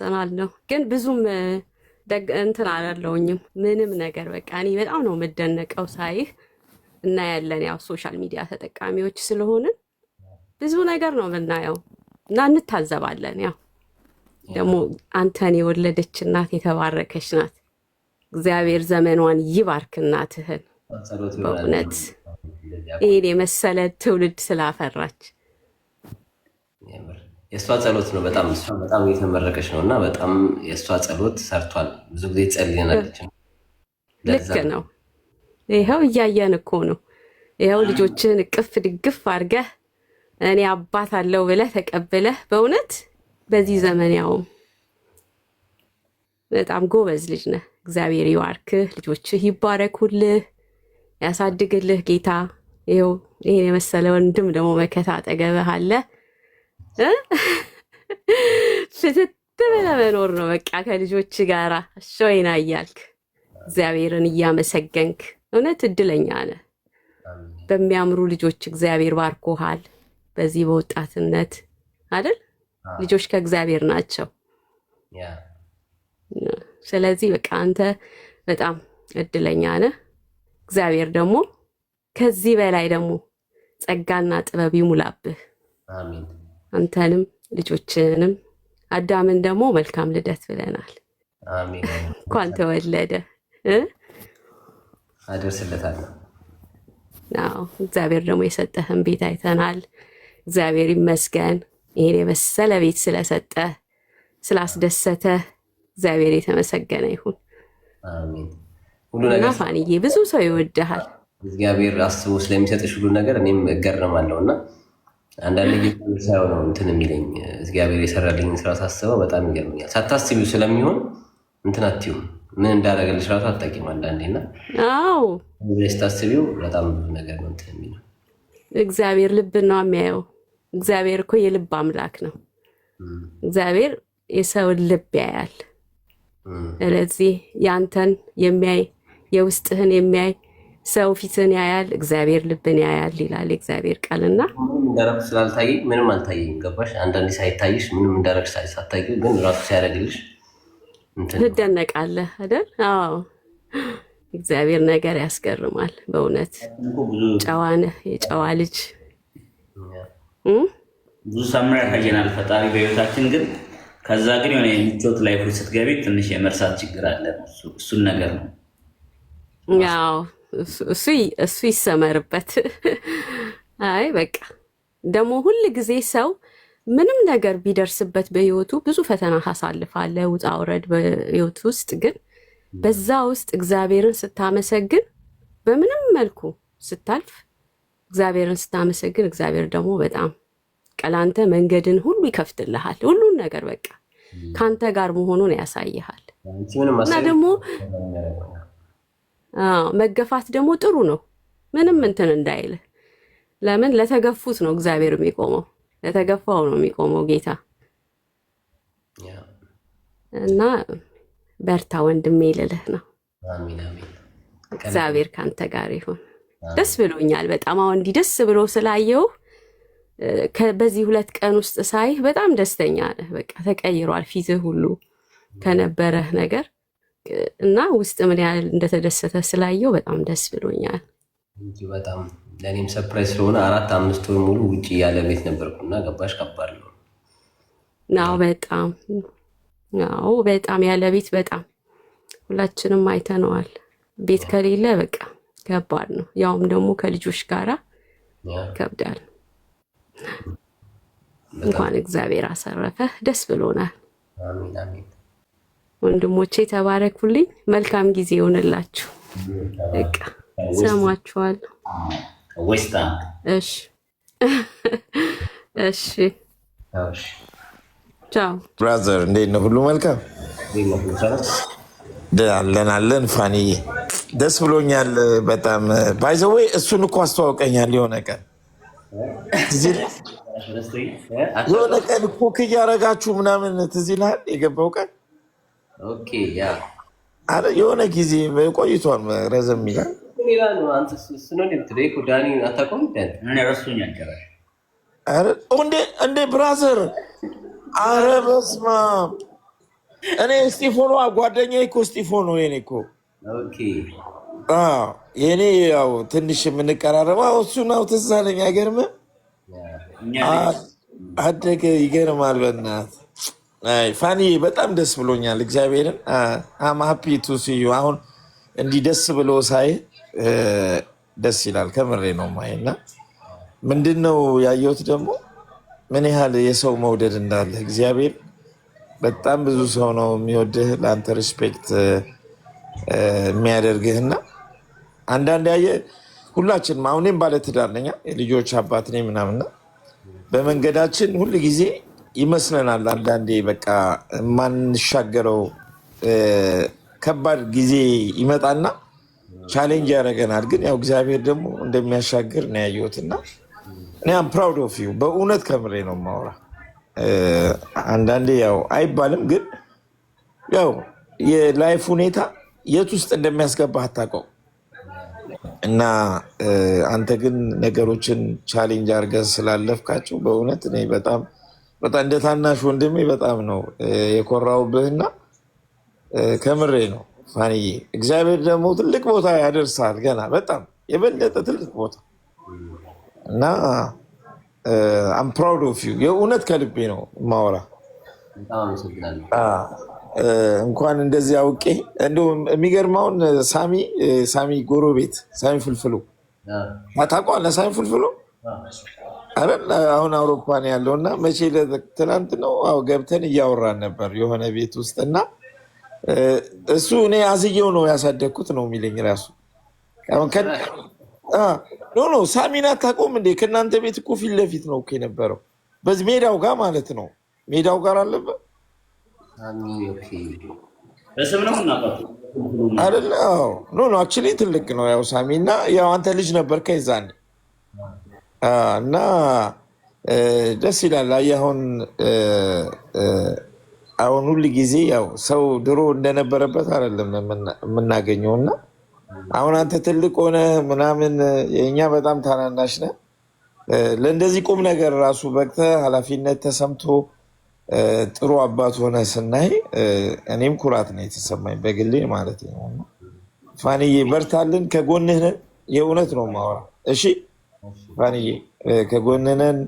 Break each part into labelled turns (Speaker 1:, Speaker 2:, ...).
Speaker 1: ጠናለሁ ግን ብዙም እንትን አላለውኝም ምንም ነገር በቃ እኔ በጣም ነው የምደነቀው ሳይህ እና ያለን ያው ሶሻል ሚዲያ ተጠቃሚዎች ስለሆንን ብዙ ነገር ነው የምናየው እና እንታዘባለን። ያው ደግሞ አንተን የወለደች እናት የተባረከች ናት። እግዚአብሔር ዘመኗን ይባርክ እናትህን በእውነት ይህን የመሰለ ትውልድ ስላፈራች
Speaker 2: የእሷ ጸሎት ነው። በጣም እሷ በጣም እየተመረቀች ነው እና በጣም የእሷ ጸሎት ሰርቷል። ብዙ ጊዜ ጸልየናለች።
Speaker 1: ልክ ነው። ይኸው እያየን እኮ ነው። ይኸው ልጆችህን እቅፍ ድግፍ አድርገህ እኔ አባት አለው ብለህ ተቀብለህ በእውነት በዚህ ዘመን ያውም በጣም ጎበዝ ልጅ ነህ። እግዚአብሔር ይዋርክህ ልጆችህ ይባረኩልህ፣ ያሳድግልህ ጌታ። ይኸው ይህን የመሰለ ወንድም ደግሞ መከታ አጠገብህ አለ። ፍትት ብለህ ነው በቃ ከልጆች ጋራ ሾይና እያልክ እግዚአብሔርን እያመሰገንክ እውነት እድለኛ ነ በሚያምሩ ልጆች እግዚአብሔር ባርኮሃል። በዚህ በወጣትነት አይደል? ልጆች ከእግዚአብሔር ናቸው። ስለዚህ በቃ አንተ በጣም እድለኛ ነ እግዚአብሔር ደግሞ ከዚህ በላይ ደግሞ ጸጋና ጥበብ ይሙላብህ። አንተንም ልጆችንም አዳምን ደግሞ መልካም ልደት ብለናል። እንኳን ተወለደ
Speaker 2: አደርስለታለሁ።
Speaker 1: እግዚአብሔር ደግሞ የሰጠህን ቤት አይተናል። እግዚአብሔር ይመስገን ይሄን የመሰለ ቤት ስለሰጠህ ስላስደሰተህ እግዚአብሔር የተመሰገነ ይሁን። እና ፋንዬ ብዙ ሰው ይወድሃል።
Speaker 2: እግዚአብሔር አስቦ ስለሚሰጥሽ ሁሉ ነገር እኔም እገርማለሁ እና አንዳንድ ጊዜ ሳይሆን ነው እንትን የሚለኝ እግዚአብሔር የሰራልኝ ስራ ሳስበው በጣም ይገርምኛል። ሳታስቢው ስለሚሆን እንትን አትይውም። ምን እንዳደረገልሽ ራሱ አታውቂም። አንዳንዴና ስታስቢው በጣም ብዙ ነገር ነው እንትን የሚለው
Speaker 1: እግዚአብሔር ልብ ነው የሚያየው። እግዚአብሔር እኮ የልብ አምላክ ነው። እግዚአብሔር የሰውን ልብ ያያል። ስለዚህ ያንተን የሚያይ የውስጥህን የሚያይ ሰው ፊትን ያያል፣ እግዚአብሔር ልብን ያያል ይላል እግዚአብሔር ቃል እና
Speaker 2: ስላልታየ ምንም አልታየኝም። ገባሽ? አንዳንዴ ሳይታይሽ ምንም እንደረግ ሳታውቂው ግን ራሱ ሲያደርግልሽ
Speaker 1: ትደነቃለህ አይደል? አዎ እግዚአብሔር ነገር ያስገርማል። በእውነት ጨዋነህ የጨዋ ልጅ
Speaker 2: ብዙ ሳምራ ያሳየናል ፈጣሪ በህይወታችን ግን ከዛ ግን የሆነ የምቾት ላይ ስትገቢ ትንሽ የመርሳት ችግር አለ። እሱን ነገር ነው
Speaker 1: ያው እሱ ይሰመርበት። አይ በቃ ደግሞ ሁል ጊዜ ሰው ምንም ነገር ቢደርስበት በህይወቱ ብዙ ፈተና ታሳልፋለህ፣ ውጣ ውረድ በህይወቱ ውስጥ ግን በዛ ውስጥ እግዚአብሔርን ስታመሰግን በምንም መልኩ ስታልፍ እግዚአብሔርን ስታመሰግን እግዚአብሔር ደግሞ በጣም ቀላንተ መንገድን ሁሉ ይከፍትልሃል። ሁሉን ነገር በቃ ከአንተ ጋር መሆኑን ያሳይሃል እና ደግሞ መገፋት ደግሞ ጥሩ ነው። ምንም እንትን እንዳይልህ። ለምን ለተገፉት ነው እግዚአብሔር የሚቆመው፣ ለተገፋው ነው የሚቆመው ጌታ። እና በርታ ወንድሜ ይልልህ ነው። እግዚአብሔር ከአንተ ጋር ይሁን። ደስ ብሎኛል በጣም አሁን እንዲህ ደስ ብሎ ስላየው በዚህ ሁለት ቀን ውስጥ ሳይህ በጣም ደስተኛ ነህ። በቃ ተቀይሯል ፊትህ ሁሉ ከነበረህ ነገር እና ውስጥ ምን ያህል እንደተደሰተ ስላየው በጣም ደስ ብሎኛል።
Speaker 2: በጣም ለእኔም ሰርፕራይዝ ስለሆነ አራት አምስት ወር ሙሉ ውጭ ያለ ቤት ነበርኩና ገባሽ ከባድ ነው።
Speaker 1: ናው በጣም ናው በጣም ያለ ቤት በጣም ሁላችንም አይተነዋል። ቤት ከሌለ በቃ ከባድ ነው። ያውም ደግሞ ከልጆች ጋራ ይከብዳል። እንኳን እግዚአብሔር አሰረፈ። ደስ ብሎናል። አሜን አሜን። ወንድሞቼ ተባረኩልኝ። መልካም ጊዜ ይሆንላችሁ። በቃ ሰማችኋለሁ። እሺ፣ እሺ፣ ቻው
Speaker 3: ብራዘር። እንዴት ነው? ሁሉ መልካም አለናለን አለን። ፋኒዬ ደስ ብሎኛል በጣም ባይዘዌ። እሱን እኮ አስተዋውቀኛል የሆነ ቀን የሆነ ቀን ኩክ እያረጋችሁ ምናምን ትዝ ይልሃል የገባው ቀን አረ የሆነ ጊዜ ቆይቷል። ረዘም ይላል። እንዴ ብራዘር፣ አረ በስመ አብ። እኔ እስጢፎኖ ጓደኛዬ እኮ እስጢፎኖ የኔ እኮ የኔ ያው ትንሽ የምንቀራረበው እሱ ነው። ትዝ አለኝ። አይገርምም? አደገ። ይገርማል በእናትህ ፋኒ በጣም ደስ ብሎኛል። እግዚአብሔርን አም ሀፒ ቱ ሲዩ አሁን እንዲህ ደስ ብሎ ሳይ ደስ ይላል። ከምሬ ነው ማይና ምንድን ነው ያየሁት ደግሞ ምን ያህል የሰው መውደድ እንዳለ እግዚአብሔር በጣም ብዙ ሰው ነው የሚወድህ ለአንተ ሪስፔክት የሚያደርግህና አንዳንድ ያየ ሁላችንም አሁኔም ባለትዳር ነኝ የልጆች አባት ነኝ ምናምና በመንገዳችን ሁል ጊዜ ይመስለናል አንዳንዴ በቃ የማንሻገረው ከባድ ጊዜ ይመጣና ቻሌንጅ ያደርገናል። ግን ያው እግዚአብሔር ደግሞ እንደሚያሻገር ነው ያየሁት እና እኔ አም ፕራውድ ኦፍ ዩ በእውነት ከምሬ ነው ማውራ። አንዳንዴ ያው አይባልም፣ ግን ያው የላይፍ ሁኔታ የት ውስጥ እንደሚያስገባ አታውቀው እና አንተ ግን ነገሮችን ቻሌንጅ አድርገህ ስላለፍካቸው በእውነት እኔ በጣም በጣም እንደ ታናሽ ወንድሜ በጣም ነው የኮራውብህና ከምሬ ነው ፋንዬ። እግዚአብሔር ደግሞ ትልቅ ቦታ ያደርሳል። ገና በጣም የበለጠ ትልቅ ቦታ እና አም ፕራውድ ኦፍ ዩ የእውነት ከልቤ ነው ማወራ። እንኳን እንደዚህ አውቄ እንዲሁም የሚገርማውን ሳሚ ሳሚ ጎረቤት ሳሚ ፍልፍሉ ታውቀዋለህ? ሳሚ ፍልፍሉ አረን አሁን አውሮፓን ያለው እና መቼ ትናንት ነው ገብተን እያወራን ነበር የሆነ ቤት ውስጥ እና እሱ እኔ አዝየው ነው ያሳደግኩት ነው የሚለኝ ራሱ ኖ ኖ ሳሚን አታውቀውም እንዴ? ከእናንተ ቤት እኮ ፊት ለፊት ነው እኮ የነበረው በዚህ ሜዳው ጋር ማለት ነው። ሜዳው ጋር አለበ አይደለ? ኖ ኖ አክቹዋሊ ትልቅ ነው ያው ሳሚ እና ያው አንተ ልጅ ነበር ከይዛን እና ደስ ይላል። አየህ አሁን አሁን ጊዜ ያው ሰው ድሮ እንደነበረበት አይደለም የምናገኘው እና አሁን አንተ ትልቅ ሆነ ምናምን የእኛ በጣም ታናናሽ ነ። ለእንደዚህ ቁም ነገር ራሱ በቅተ ኃላፊነት ተሰምቶ ጥሩ አባት ሆነ ስናይ እኔም ኩራት ነው የተሰማኝ በግሌ ማለት ነው። ፋንዬ በርታልን፣ ከጎንህ የእውነት ነው ማወራ እሺ ፋንዬ ከጎንነን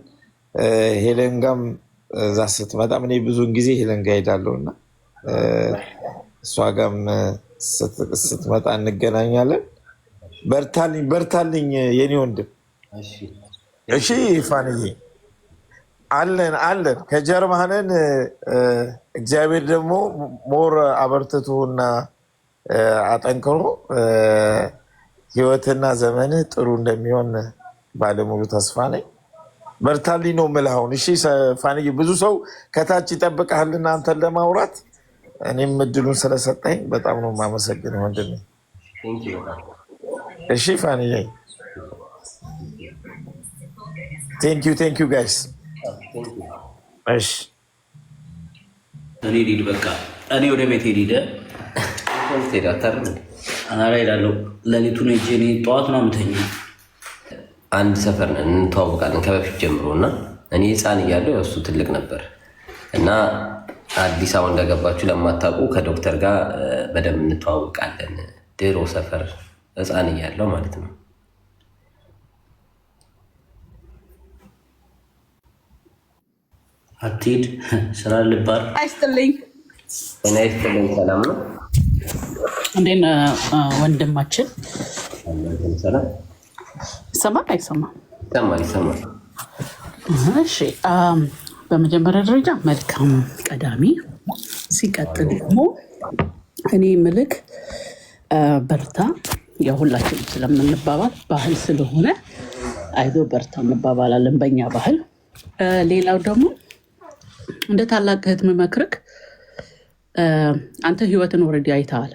Speaker 3: ሄለንጋም እዛ ስትመጣም እኔ ብዙውን ጊዜ ሄለንጋ ሄዳለሁ እና እሷ ጋም ስትመጣ እንገናኛለን። በርታልኝ በርታልኝ የኔ ወንድም። እሺ ፋንዬ አለን አለን፣ ከጀርማንን እግዚአብሔር ደግሞ ሞር አበርትቶና አጠንክሮ ህይወትና ዘመን ጥሩ እንደሚሆን ባለሙሉ ተስፋ ነኝ። በርታልኝ ነው ምልሁን። እሺ ፋንዬ፣ ብዙ ሰው ከታች ይጠብቃል እናንተን ለማውራት። እኔም እድሉን ስለሰጠኝ በጣም ነው የማመሰግነው ወንድሜ። እሺ ፋንዬ፣ ቴንኪዩ ቴንኪዩ ጋይስ። እሺ
Speaker 2: እኔ ሊድ በቃ እኔ ወደ ቤት ሄደ ሄዳ ታር ሄዳለሁ። ለሊቱን ሄጄ ጠዋት ነው ምተኛ አንድ ሰፈር ነን፣ እንተዋወቃለን ከበፊት ጀምሮ እና እኔ ህፃን እያለሁ እሱ ትልቅ ነበር እና አዲስ አበባ እንደገባችሁ ለማታውቁ ከዶክተር ጋር በደንብ እንተዋወቃለን። ድሮ ሰፈር ህፃን እያለሁ ማለት ነው። አትሂድ ስራ ልባል አይስጥልኝ እና ይስጥልኝ። ሰላም ነው
Speaker 1: እንዴ ወንድማችን? ሰላም ይሰማል አይሰማም? ይሰማል እሺ በመጀመሪያ ደረጃ መልካም ቀዳሚ። ሲቀጥል ደግሞ እኔ ምልክ በርታ የሁላችን ስለምንባባል ባህል ስለሆነ አይዞ በርታ እንባባላለን በኛ ባህል። ሌላው ደግሞ እንደ ታላቅ እህት ምመክርክ አንተ ህይወትን ወረድ አይተሃል።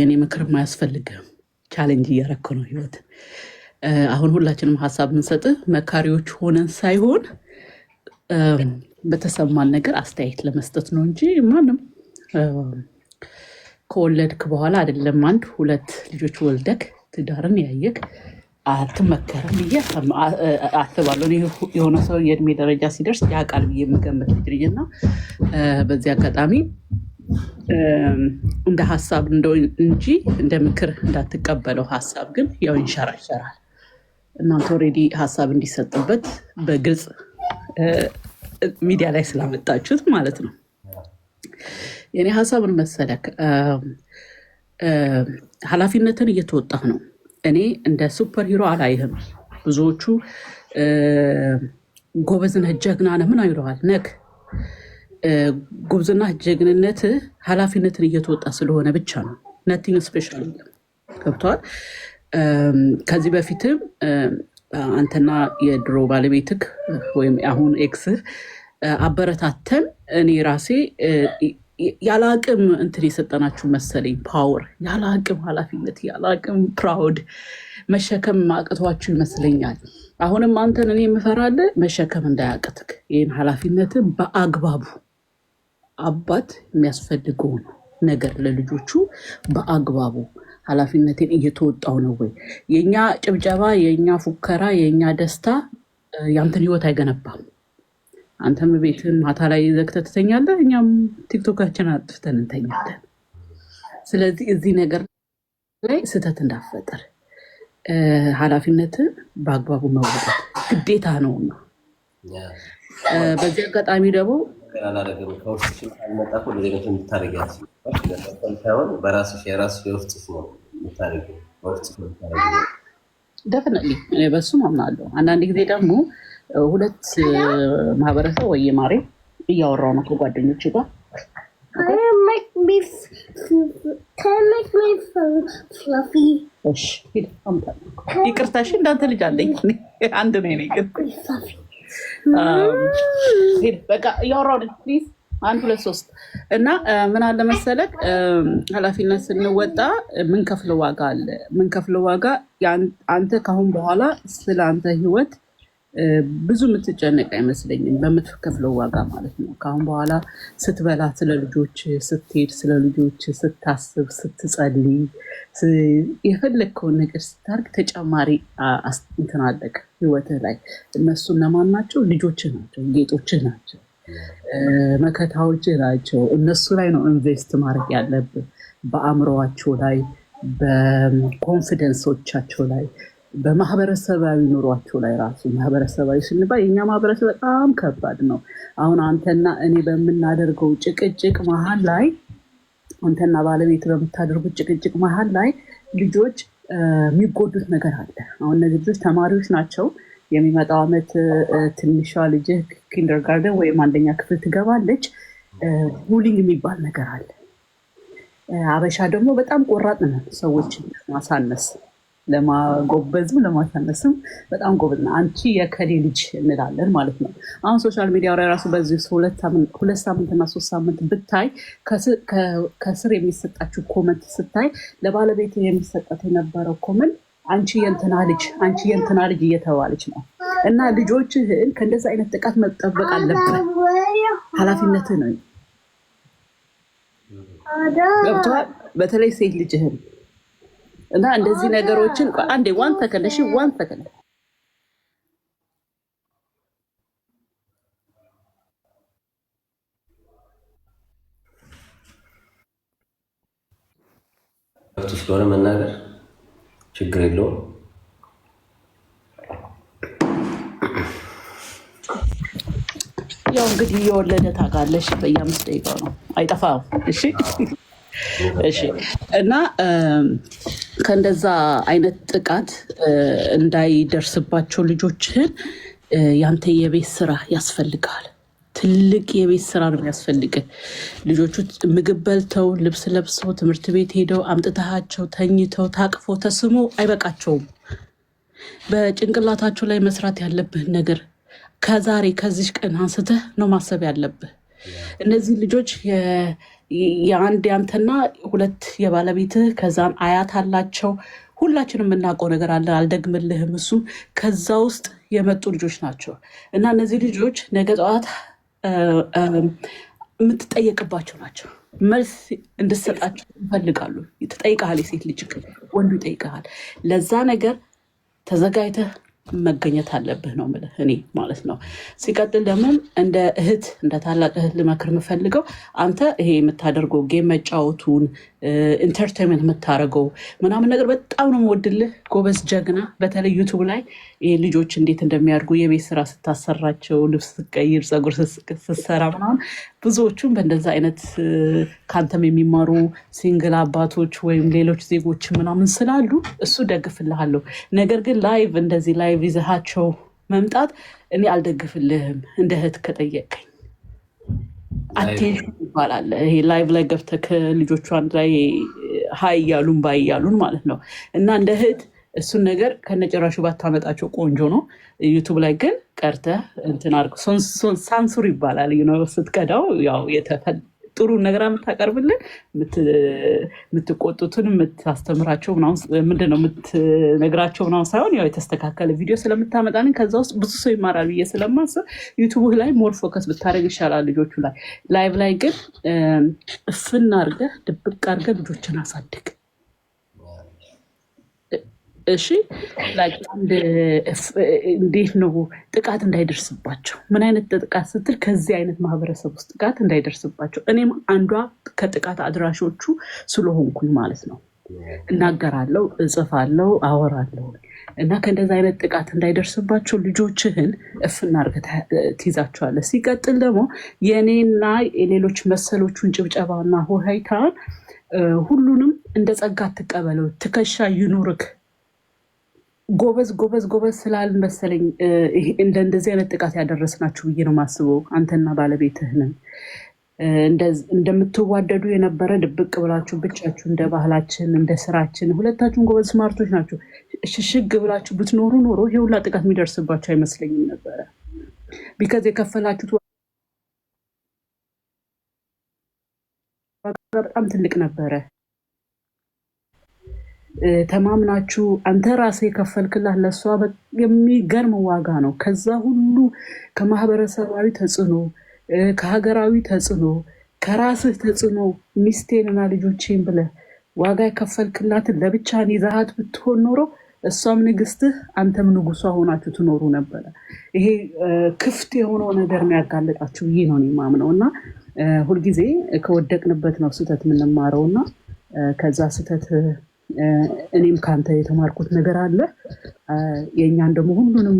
Speaker 1: የእኔ ምክርም አያስፈልግህም። ቻሌንጅ እያረክ ነው ህይወትን አሁን ሁላችንም ሀሳብ የምንሰጥህ መካሪዎች ሆነን ሳይሆን በተሰማን ነገር አስተያየት ለመስጠት ነው እንጂ ማንም ከወለድክ በኋላ አይደለም አንድ ሁለት ልጆች ወልደክ ትዳርን ያየክ አትመከርም ብዬ አስባለሁ። የሆነ ሰው የእድሜ ደረጃ ሲደርስ ያውቃል ብዬ የምገምት ልጅ እና በዚህ አጋጣሚ እንደ ሀሳብ እንጂ እንደ ምክር እንዳትቀበለው ሀሳብ ግን ያው ይንሸራሸራል። እናንተ ኦልሬዲ ሀሳብ እንዲሰጥበት በግልጽ ሚዲያ ላይ ስላመጣችሁት ማለት ነው። የኔ ሀሳብን መሰለክ ኃላፊነትን እየተወጣህ ነው። እኔ እንደ ሱፐር ሂሮ አላይህም። ብዙዎቹ ጎበዝና ጀግና ምን አይለዋል ነክ ጉብዝና ጀግንነት ኃላፊነትን እየተወጣ ስለሆነ ብቻ ነው። ነቲንግ ስፔሻል ገብተዋል። ከዚህ በፊትም አንተና የድሮ ባለቤትህ ወይም አሁን ኤክስህ አበረታተን እኔ ራሴ ያለ አቅም እንትን የሰጠናችሁ መሰለኝ ፓወር፣ ያለ አቅም ኃላፊነት፣ ያለ አቅም ፕራውድ መሸከም ማቅቷችሁ ይመስለኛል። አሁንም አንተን እኔ የምፈራለ መሸከም እንዳያቅትክ ይህን ኃላፊነትን በአግባቡ አባት የሚያስፈልገውን ነገር ለልጆቹ በአግባቡ ኃላፊነቴን እየተወጣው ነው ወይ? የእኛ ጭብጨባ፣ የእኛ ፉከራ፣ የእኛ ደስታ ያንተን ህይወት አይገነባም። አንተም ቤትን ማታ ላይ ዘግተህ ትተኛለህ፣ እኛም ቲክቶካችን አጥፍተን እንተኛለን። ስለዚህ እዚህ ነገር ላይ ስህተት እንዳፈጠር ኃላፊነትን በአግባቡ መወጣት ግዴታ ነውና በዚህ አጋጣሚ ደግሞ
Speaker 2: ሳይሆን በራስሽ የራስሽ የወፍ ነው
Speaker 1: ደፍነትሊ እኔ በሱም አምናለሁ። አንዳንድ ጊዜ ደግሞ ሁለት ማህበረሰብ ወይ ማሬ እያወራው ነው ከጓደኞች ጋር ይቅርታሽ እንዳንተ ልጅ አለኝ አንድ ነው ግን በቃ እያወራው ፕሊዝ አንድ ሁለት ሶስት እና ምን አለ መሰለክ ኃላፊነት ስንወጣ ምንከፍል ዋጋ አለ። ምንከፍል ዋጋ አንተ ካሁን በኋላ ስለ አንተ ህይወት ብዙ የምትጨነቅ አይመስለኝም። በምትከፍለው ዋጋ ማለት ነው። ካሁን በኋላ ስትበላ ስለ ልጆች፣ ስትሄድ ስለ ልጆች፣ ስታስብ፣ ስትጸልይ፣ የፈለግከውን ነገር ስታርግ ተጨማሪ እንትናለቅ ህይወትህ ላይ እነሱ እነማን ናቸው? ልጆችህ ናቸው፣ ጌጦችህ ናቸው። መከታዎች ናቸው። እነሱ ላይ ነው ኢንቨስት ማድረግ ያለብን፣ በአእምሮዋቸው ላይ፣ በኮንፊደንሶቻቸው ላይ፣ በማህበረሰባዊ ኑሯቸው ላይ ራሱ ማህበረሰባዊ ስንባል የኛ ማህበረሰብ በጣም ከባድ ነው። አሁን አንተና እኔ በምናደርገው ጭቅጭቅ መሀል ላይ አንተና ባለቤት በምታደርጉት ጭቅጭቅ መሀል ላይ ልጆች የሚጎዱት ነገር አለ። አሁን እነዚህ ልጆች ተማሪዎች ናቸው። የሚመጣው ዓመት ትንሿ ልጅህ ኪንደርጋርደን ወይም አንደኛ ክፍል ትገባለች። ቡሊንግ የሚባል ነገር አለ። አበሻ ደግሞ በጣም ቆራጥ ነው። ሰዎችን ለማሳነስ ለማጎበዝም ለማሳነስም በጣም ጎበዝ ነው። አንቺ የከሌ ልጅ እንላለን ማለት ነው። አሁን ሶሻል ሚዲያ ላይ ራሱ በዚህ ሁለት ሳምንት እና ሶስት ሳምንት ብታይ ከስር የሚሰጣችው ኮመንት ስታይ ለባለቤት የሚሰጣት የነበረው ኮመንት አንቺ የእንትና ልጅ አንቺ የእንትና ልጅ እየተባለች ነው። እና ልጆችህን ከእንደዚ አይነት ጥቃት መጠበቅ አለብን። ኃላፊነትህ ነው ገብተዋል። በተለይ ሴት ልጅህን እና እንደዚህ ነገሮችን አንዴ ዋን ተከለ እሺ፣ ዋን ተከለ
Speaker 2: ስለሆነ መናገር ችግር የለውም።
Speaker 1: ያው እንግዲህ የወለደ ታውቃለሽ፣ በየአምስት ደቂቃው ነው አይጠፋም። እሺ እሺ። እና ከእንደዛ አይነት ጥቃት እንዳይደርስባቸው ልጆችህን ያንተ የቤት ስራ ያስፈልግሃል። ትልቅ የቤት ስራ ነው የሚያስፈልግ። ልጆቹ ምግብ በልተው ልብስ ለብሰው ትምህርት ቤት ሄደው አምጥተሃቸው ተኝተው ታቅፎ ተስሞ አይበቃቸውም። በጭንቅላታቸው ላይ መስራት ያለብህን ነገር ከዛሬ ከዚች ቀን አንስተህ ነው ማሰብ ያለብህ። እነዚህ ልጆች የአንድ ያንተና ሁለት የባለቤትህ ከዛም አያት አላቸው። ሁላችንም የምናውቀው ነገር አለ፣ አልደግምልህም። እሱም ከዛ ውስጥ የመጡ ልጆች ናቸው እና እነዚህ ልጆች ነገ ጠዋት የምትጠየቅባቸው ናቸው። መልስ እንድሰጣቸው ይፈልጋሉ። ትጠይቀሃል፣ የሴት ልጅ ወንዱ ይጠይቀሃል። ለዛ ነገር ተዘጋጅተህ መገኘት አለብህ ነው የምልህ እኔ ማለት ነው። ሲቀጥል ደግሞ እንደ እህት እንደ ታላቅ እህት ልመክር የምፈልገው አንተ ይሄ የምታደርገው ጌም መጫወቱን ኢንተርቴንመንት የምታደርገው ምናምን ነገር በጣም ነው የምወድልህ፣ ጎበዝ ጀግና። በተለይ ዩቱብ ላይ ልጆች እንዴት እንደሚያድጉ የቤት ስራ ስታሰራቸው፣ ልብስ ስትቀይር፣ ፀጉር ስትሰራ ምናምን ብዙዎቹም በእንደዛ አይነት ከአንተም የሚማሩ ሲንግል አባቶች ወይም ሌሎች ዜጎች ምናምን ስላሉ እሱ ደግፍልሃለሁ። ነገር ግን ላይቭ እንደዚህ ላይቭ ይዘሃቸው መምጣት እኔ አልደግፍልህም። እንደ እህት ከጠየቀኝ አቴንሽን ይባላል። ይሄ ላይቭ ላይ ገብተህ ከልጆቹ አንድ ላይ ሀይ እያሉን ባይ እያሉን ማለት ነው እና እንደ እህት እሱን ነገር ከነጭራሹ ባታመጣቸው ቆንጆ ነው። ዩቱብ ላይ ግን ቀርተ እንትን አድርገው ሳንሱር ይባላል ስትቀዳው ያው ጥሩ ነገር የምታቀርብልን የምትቆጡትን የምታስተምራቸው ምንድን ነው የምትነግራቸው ምናምን ሳይሆን ያው የተስተካከለ ቪዲዮ ስለምታመጣንን ከዛ ውስጥ ብዙ ሰው ይማራል ብዬ ስለማስብ ዩቱብ ላይ ሞር ፎከስ ብታደረግ ይሻላል። ልጆቹ ላይ ላይቭ ላይ ግን እፍን ድብቅ አርገ ልጆችን አሳድግ። እሺ እንዴት ነው ጥቃት እንዳይደርስባቸው? ምን አይነት ጥቃት ስትል ከዚህ አይነት ማህበረሰብ ውስጥ ጥቃት እንዳይደርስባቸው። እኔም አንዷ ከጥቃት አድራሾቹ ስለሆንኩኝ ማለት ነው እናገራለሁ፣ እጽፋለሁ፣ አወራለሁ እና ከእንደዚህ አይነት ጥቃት እንዳይደርስባቸው ልጆችህን እፍና እርገት ትይዛቸዋለህ። ሲቀጥል ደግሞ የእኔና የሌሎች መሰሎቹን ጭብጨባና ሆሄይታ ሁሉንም እንደ ጸጋ ትቀበለው። ትከሻ ይኑርክ ጎበዝ ጎበዝ ጎበዝ ስላልመሰለኝ እንደ እንደዚህ አይነት ጥቃት ያደረስናችሁ ብዬ ነው ማስበው። አንተና ባለቤትህንን እንደምትዋደዱ የነበረ ድብቅ ብላችሁ ብቻችሁ እንደ ባህላችን እንደ ስራችን ሁለታችሁን ጎበዝ ስማርቶች ናችሁ። ሽሽግ ብላችሁ ብትኖሩ ኖሮ ይሄ ሁላ ጥቃት የሚደርስባችሁ አይመስለኝም ነበረ። ቢከዝ የከፈላችሁት በጣም ትልቅ ነበረ። ተማምናችሁ አንተ ራስህ የከፈልክላት ለእሷ የሚገርም ዋጋ ነው። ከዛ ሁሉ ከማህበረሰባዊ ተጽዕኖ፣ ከሀገራዊ ተጽዕኖ፣ ከራስህ ተጽዕኖ ሚስቴንና ልጆቼን ብለህ ዋጋ የከፈልክላትን ለብቻ ይዛሃት ብትሆን ኖሮ እሷም ንግስትህ አንተም ንጉሷ ሆናችሁ ትኖሩ ነበረ። ይሄ ክፍት የሆነው ነገር ነው ይህ ነው የማምነው እና ሁልጊዜ ከወደቅንበት ነው ስህተት የምንማረው እና ከዛ ስህተት እኔም ከአንተ የተማርኩት ነገር አለ። የእኛን ደግሞ ሁሉንም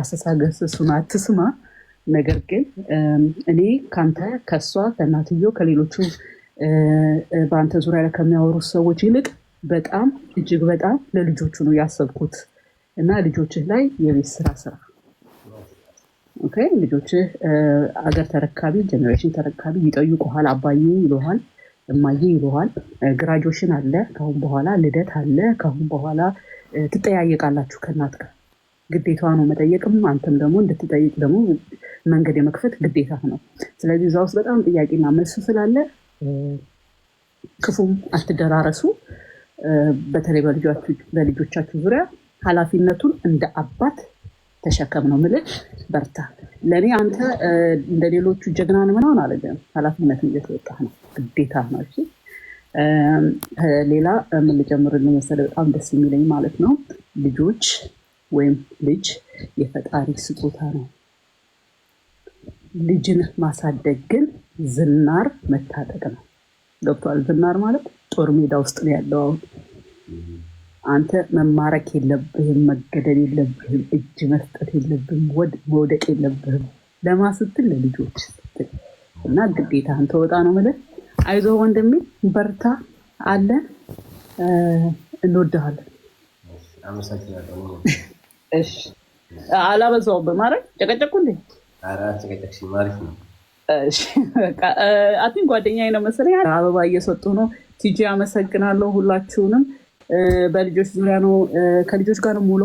Speaker 1: አስተሳገስ እሱን አትስማ። ነገር ግን እኔ ከአንተ ከእሷ ከእናትዮ ከሌሎቹ በአንተ ዙሪያ ላይ ከሚያወሩት ሰዎች ይልቅ በጣም እጅግ በጣም ለልጆቹ ነው ያሰብኩት እና ልጆችህ ላይ የቤት ስራ ስራ ልጆችህ አገር ተረካቢ ጀኔሬሽን ተረካቢ ይጠይቁሃል። አባዬ ይለሃል እማዬ ይለዋል። ግራጆሽን አለ፣ ካሁን በኋላ ልደት አለ፣ ካሁን በኋላ ትጠያየቃላችሁ ከእናት ጋር ግዴታዋ ነው መጠየቅም፣ አንተም ደግሞ እንድትጠይቅ ደግሞ መንገድ የመክፈት ግዴታ ነው። ስለዚህ እዛ ውስጥ በጣም ጥያቄና መልሱ ስላለ ክፉም አትደራረሱ። በተለይ በልጆቻችሁ ዙሪያ ኃላፊነቱን እንደ አባት ተሸከም ነው ምልህ። በርታ። ለእኔ አንተ እንደ ሌሎቹ ጀግናን ምናምን አለ ኃላፊነትን እየተወጣህ ነው። ግዴታ ነው። እሺ ሌላ ምን ልጨምርልኝ መሰለህ? በጣም ደስ የሚለኝ ማለት ነው ልጆች ወይም ልጅ የፈጣሪ ስጦታ ነው። ልጅን ማሳደግ ግን ዝናር መታጠቅ ነው። ገብቷል? ዝናር ማለት ጦር ሜዳ ውስጥ ነው ያለው አሁን አንተ መማረክ የለብህም፣ መገደል የለብህም፣ እጅ መስጠት የለብህም፣ ወድ መውደቅ የለብህም። ለማስትል ለልጆች ስትል እና ግዴታህን ተወጣ ነው የምልህ አይዞ ወንድሜ በርታ፣ አለን፣ እንወድሃለን። አላበዛውም ማለት ጨቀጨቁ እንዴ? አቲን ጓደኛ ነው መሰለኝ አበባ እየሰጡ ነው። ቲጂ አመሰግናለሁ ሁላችሁንም። በልጆች ዙሪያ ነው ከልጆች ጋር ሙሉ